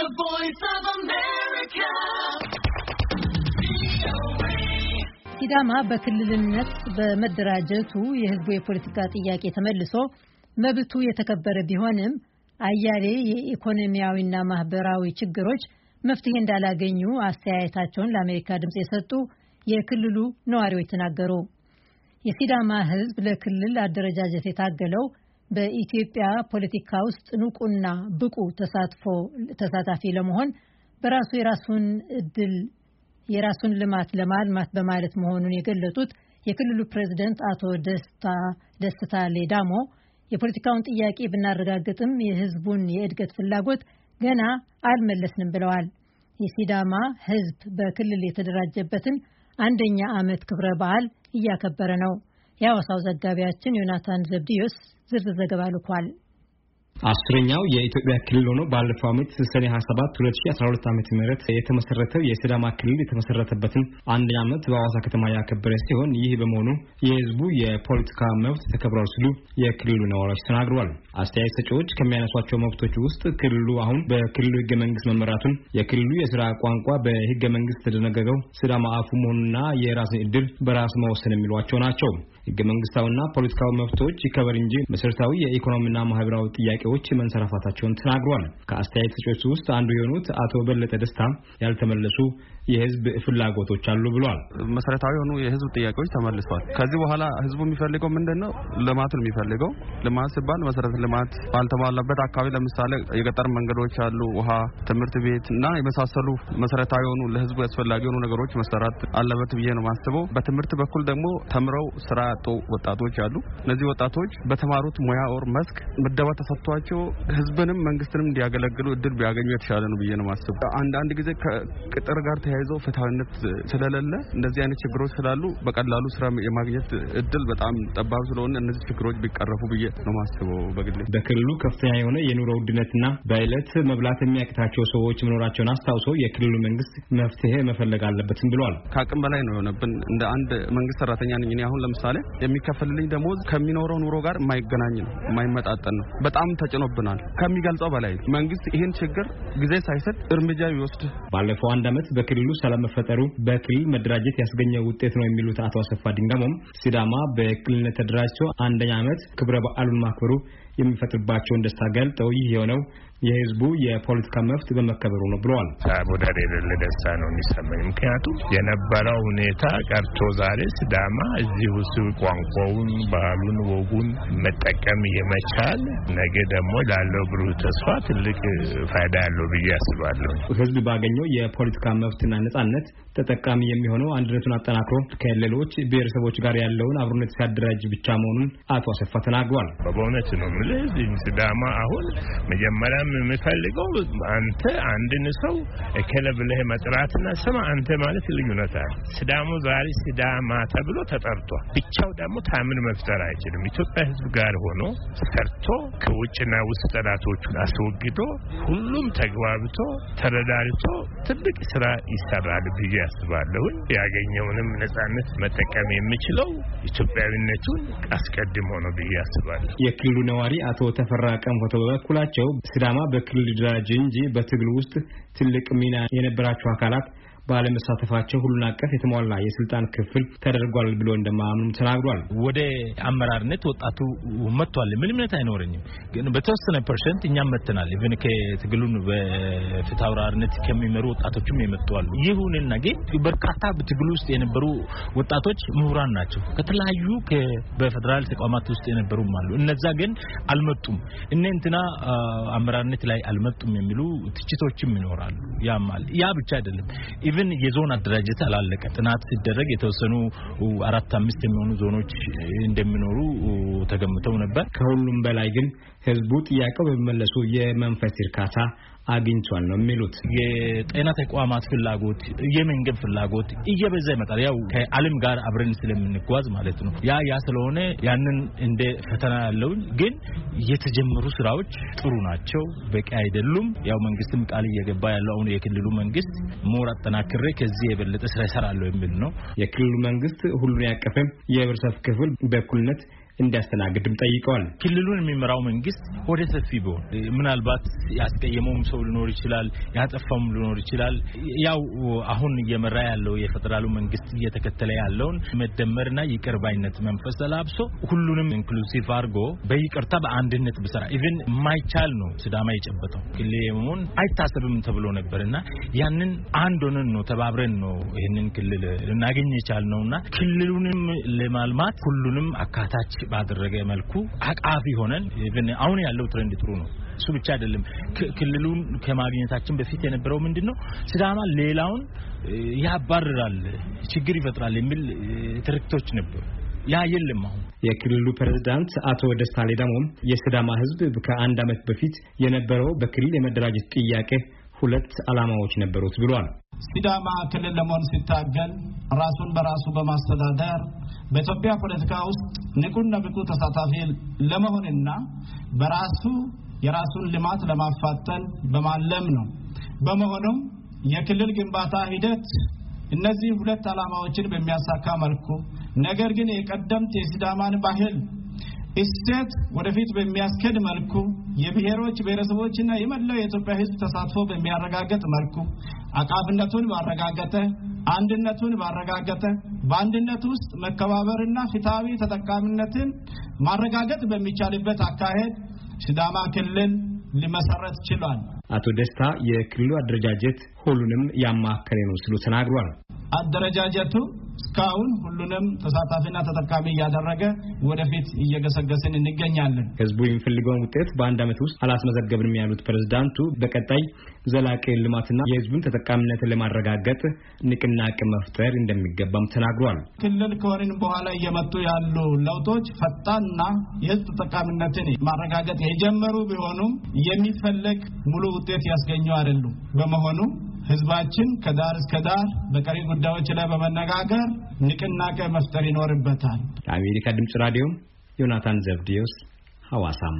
The Voice of America. ሲዳማ በክልልነት በመደራጀቱ የሕዝቡ የፖለቲካ ጥያቄ ተመልሶ መብቱ የተከበረ ቢሆንም አያሌ የኢኮኖሚያዊና ማህበራዊ ችግሮች መፍትሄ እንዳላገኙ አስተያየታቸውን ለአሜሪካ ድምፅ የሰጡ የክልሉ ነዋሪዎች ተናገሩ። የሲዳማ ሕዝብ ለክልል አደረጃጀት የታገለው በኢትዮጵያ ፖለቲካ ውስጥ ንቁና ብቁ ተሳታፊ ለመሆን በራሱ የራሱን እድል የራሱን ልማት ለማልማት በማለት መሆኑን የገለጡት የክልሉ ፕሬዚደንት አቶ ደስታ ሌዳሞ የፖለቲካውን ጥያቄ ብናረጋግጥም የሕዝቡን የእድገት ፍላጎት ገና አልመለስንም ብለዋል። የሲዳማ ሕዝብ በክልል የተደራጀበትን አንደኛ ዓመት ክብረ በዓል እያከበረ ነው። የሐዋሳው ዘጋቢያችን ዮናታን ዘብዲዮስ ዝርዝር ዘገባ ልኳል። አስረኛው የኢትዮጵያ ክልል ሆኖ ባለፈው ዓመት ሰኔ 27 2012 ዓ ም የተመሰረተው የሲዳማ ክልል የተመሰረተበትን አንደኛ ዓመት በአዋሳ ከተማ ያከበረ ሲሆን ይህ በመሆኑ የህዝቡ የፖለቲካ መብት ተከብሯል ሲሉ የክልሉ ነዋሪዎች ተናግረዋል። አስተያየት ሰጪዎች ከሚያነሷቸው መብቶች ውስጥ ክልሉ አሁን በክልሉ ህገ መንግስት መመራቱን፣ የክልሉ የስራ ቋንቋ በህገ መንግስት የተደነገገው ሲዳማ አፉ መሆኑና የራስን እድል በራሱ መወሰን የሚሏቸው ናቸው። ህገ መንግስታዊና ፖለቲካዊ መብቶች ይከበር እንጂ መሰረታዊ የኢኮኖሚና ማህበራዊ ጥያቄ ጥያቄዎች መንሰራፋታቸውን ተናግሯል። ከአስተያየት ሰጪዎች ውስጥ አንዱ የሆኑት አቶ በለጠ ደስታ ያልተመለሱ የህዝብ ፍላጎቶች አሉ ብሏል። መሰረታዊ የሆኑ የህዝብ ጥያቄዎች ተመልሷል። ከዚህ በኋላ ህዝቡ የሚፈልገው ምንድን ነው? ልማት ነው የሚፈልገው። ልማት ሲባል መሰረተ ልማት ባልተሟላበት አካባቢ ለምሳሌ የገጠር መንገዶች አሉ፣ ውሃ፣ ትምህርት ቤት እና የመሳሰሉ መሰረታዊ የሆኑ ለህዝቡ ያስፈላጊ የሆኑ ነገሮች መሰራት አለበት ብዬ ነው ማስበው። በትምህርት በኩል ደግሞ ተምረው ስራ ያጡ ወጣቶች አሉ። እነዚህ ወጣቶች በተማሩት ሙያ ኦር መስክ ምደባ ተሰጥቷቸው ህዝብንም መንግስትንም እንዲያገለግሉ እድል ቢያገኙ የተሻለ ነው ብዬ ነው ማስበው። አንዳንድ ጊዜ ከቅጥር ጋር ተያይዞ ፍትሐዊነት ስለሌለ እንደዚህ አይነት ችግሮች ስላሉ በቀላሉ ስራ የማግኘት እድል በጣም ጠባብ ስለሆነ እነዚህ ችግሮች ቢቀረፉ ብዬ ነው ማስበው። በግሌ በክልሉ ከፍተኛ የሆነ የኑሮ ውድነትና በዕለት መብላት የሚያቅታቸው ሰዎች መኖራቸውን አስታውሶ የክልሉ መንግስት መፍትሄ መፈለግ አለበትም ብሏል። ከአቅም በላይ ነው የሆነብን። እንደ አንድ መንግስት ሰራተኛ ነኝ እኔ። አሁን ለምሳሌ የሚከፈልልኝ ደሞዝ ከሚኖረው ኑሮ ጋር የማይገናኝ ነው፣ የማይመጣጠን ነው። በጣም ተጭኖብናል ከሚገልጸው በላይ። መንግስት ይህን ችግር ጊዜ ሳይሰጥ እርምጃ ይወስድ። ባለፈው አንድ ዓመት በክልሉ በክልሉ ሰላም መፈጠሩ በክልል መደራጀት ያስገኘው ውጤት ነው የሚሉት አቶ አሰፋ ድንጋሞም ሲዳማ በክልልነት ተደራጅቶ አንደኛ ዓመት ክብረ በዓሉን ማክበሩ የሚፈጥርባቸውን ደስታ ገልጠው ይህ የሆነው የህዝቡ የፖለቲካ መብት በመከበሩ ነው ብለዋል። ወደር የሌለ ደስታ ነው የሚሰማኝ። ምክንያቱም የነበረው ሁኔታ ቀርቶ ዛሬ ስዳማ እዚህ ውስጥ ቋንቋውን፣ ባህሉን፣ ወጉን መጠቀም የመቻል ነገ ደግሞ ላለው ብሩህ ተስፋ ትልቅ ፋይዳ ያለው ብዬ ያስባለሁ። ህዝብ ባገኘው የፖለቲካ መብትና ነጻነት ተጠቃሚ የሚሆነው አንድነቱን አጠናክሮ ከሌሎች ብሔረሰቦች ጋር ያለውን አብሮነት ሲያደራጅ ብቻ መሆኑን አቶ አሰፋ ተናግሯል። በእውነት ነው ብልህ ሲዳማ አሁን መጀመሪያም የምፈልገው አንተ አንድን ሰው እከለ ብለህ መጥራትና ስማ አንተ ማለት ልዩነት አለ። ሲዳሞ ዛሬ ስዳማ ተብሎ ተጠርቷል። ብቻው ደግሞ ታምን መፍጠር አይችልም። ኢትዮጵያ ህዝብ ጋር ሆኖ ሰርቶ ከውጭና ውስጥ ጠላቶቹን አስወግዶ ሁሉም ተግባብቶ ተረዳድቶ ትልቅ ስራ ይሰራል ብዬ ያስባለሁኝ። ያገኘውንም ነጻነት መጠቀም የሚችለው ኢትዮጵያዊነቱን አስቀድሞ ነው ብዬ ያስባለሁ። የክልሉ ነዋሪ አቶ ተፈራ ቀምሆተ በበኩላቸው ሲዳማ በክልል ደረጃ እንጂ በትግል ውስጥ ትልቅ ሚና የነበራቸው አካላት ባለመሳተፋቸው ሁሉን አቀፍ የተሟላ የስልጣን ክፍል ተደርጓል ብሎ እንደማያምኑም ተናግሯል። ወደ አመራርነት ወጣቱ መጥቷል። ምን እምነት አይኖረኝም፣ ግን በተወሰነ ፐርሰንት እኛም መጥተናል። ኢቨን ከትግሉን በፍትሐ አውራሪነት ከሚመሩ ወጣቶችም የመጥተዋሉ። ይሁንና ግን በርካታ በትግሉ ውስጥ የነበሩ ወጣቶች ምሁራን ናቸው። ከተለያዩ በፌደራል ተቋማት ውስጥ የነበሩም አሉ። እነዛ ግን አልመጡም። እነ እንትና አመራርነት ላይ አልመጡም የሚሉ ትችቶችም ይኖራሉ። ያ ብቻ አይደለም። ኢቭን የዞን አደራጀት አላለቀ። ጥናት ሲደረግ የተወሰኑ አራት አምስት የሚሆኑ ዞኖች እንደሚኖሩ ተገምተው ነበር። ከሁሉም በላይ ግን ህዝቡ ጥያቄው በሚመለሱ የመንፈስ እርካታ አግኝቷል ነው የሚሉት። የጤና ተቋማት ፍላጎት፣ የመንገድ ፍላጎት እየበዛ ይመጣል። ያው ከዓለም ጋር አብረን ስለምንጓዝ ማለት ነው። ያ ያ ስለሆነ ያንን እንደ ፈተና ያለውን ግን የተጀመሩ ስራዎች ጥሩ ናቸው፣ በቂ አይደሉም። ያው መንግስትም ቃል እየገባ ያለው አሁን የክልሉ መንግስት ሞር አጠናክሬ ከዚህ የበለጠ ስራ ይሰራለሁ የሚል ነው። የክልሉ መንግስት ሁሉን ያቀፈ የህብረተሰብ ክፍል በኩልነት እንዲያስተናግድም ጠይቀዋል። ክልሉን የሚመራው መንግስት ወደ ሰፊ ቢሆን ምናልባት ያስቀየመውም ሰው ሊኖር ይችላል፣ ያጠፋውም ሊኖር ይችላል። ያው አሁን እየመራ ያለው የፌደራሉ መንግስት እየተከተለ ያለውን መደመርና ይቅርባይነት መንፈስ ተላብሶ ሁሉንም ኢንክሉሲቭ አድርጎ በይቅርታ በአንድነት ብሰራ ኢቭን የማይቻል ነው። ስዳማ የጨበጠው ክልሙን አይታሰብም ተብሎ ነበር እና ያንን አንድ ሆነን ነው ተባብረን ነው ይህንን ክልል ልናገኝ የቻልነው እና ክልሉንም ለማልማት ሁሉንም አካታች ባደረገ መልኩ አቃፊ ሆነን አሁን ያለው ትሬንድ ጥሩ ነው። እሱ ብቻ አይደለም። ክልሉን ከማግኘታችን በፊት የነበረው ምንድን ነው? ሌላውን ያባርራል፣ ችግር ይፈጥራል የሚል ትርክቶች ነበሩ። ያ የለም አሁን። የክልሉ ፕሬዝዳንት አቶ ደስታ ሌዳሞም የስዳማ ህዝብ ከአንድ ዓመት በፊት የነበረው በክልል የመደራጀት ጥያቄ ሁለት ዓላማዎች ነበሩት ብሏል። ሲዳማ ክልል ለመሆን ሲታገል ራሱን በራሱ በማስተዳደር በኢትዮጵያ ፖለቲካ ውስጥ ንቁና ብቁ ተሳታፊ ለመሆንና በራሱ የራሱን ልማት ለማፋጠን በማለም ነው። በመሆኑም የክልል ግንባታ ሂደት እነዚህ ሁለት ዓላማዎችን በሚያሳካ መልኩ ነገር ግን የቀደምት የሲዳማን ባህል እሴት ወደፊት በሚያስኬድ መልኩ የብሔሮች ብሔረሰቦችና የመላው የኢትዮጵያ ሕዝብ ተሳትፎ በሚያረጋግጥ መልኩ አቃብነቱን ባረጋገጠ አንድነቱን ባረጋገጠ በአንድነት ውስጥ መከባበርና ፍትሐዊ ተጠቃሚነትን ማረጋገጥ በሚቻልበት አካሄድ ሲዳማ ክልል ሊመሰረት ችሏል። አቶ ደስታ የክልሉ አደረጃጀት ሁሉንም ያማከለ ነው ሲሉ ተናግሯል። አደረጃጀቱ እስካሁን ሁሉንም ተሳታፊና ተጠቃሚ እያደረገ ወደፊት እየገሰገስን እንገኛለን። ህዝቡ የሚፈልገውን ውጤት በአንድ ዓመት ውስጥ አላስመዘገብንም ያሉት ፕሬዝዳንቱ በቀጣይ ዘላቂ ልማትና የህዝቡን ተጠቃሚነትን ለማረጋገጥ ንቅናቄ መፍጠር እንደሚገባም ተናግሯል። ክልል ከወርን በኋላ እየመጡ ያሉ ለውጦች ፈጣንና የህዝብ ተጠቃሚነትን ማረጋገጥ የጀመሩ ቢሆኑም የሚፈለግ ሙሉ ውጤት ያስገኙ አይደሉም። በመሆኑ ህዝባችን ከዳር እስከ ዳር በቀሪ ጉዳዮች ላይ በመነጋገር ንቅናቄ መፍጠር ይኖርበታል። ለአሜሪካ ድምፅ ራዲዮ ዮናታን ዘብዲዮስ ሐዋሳም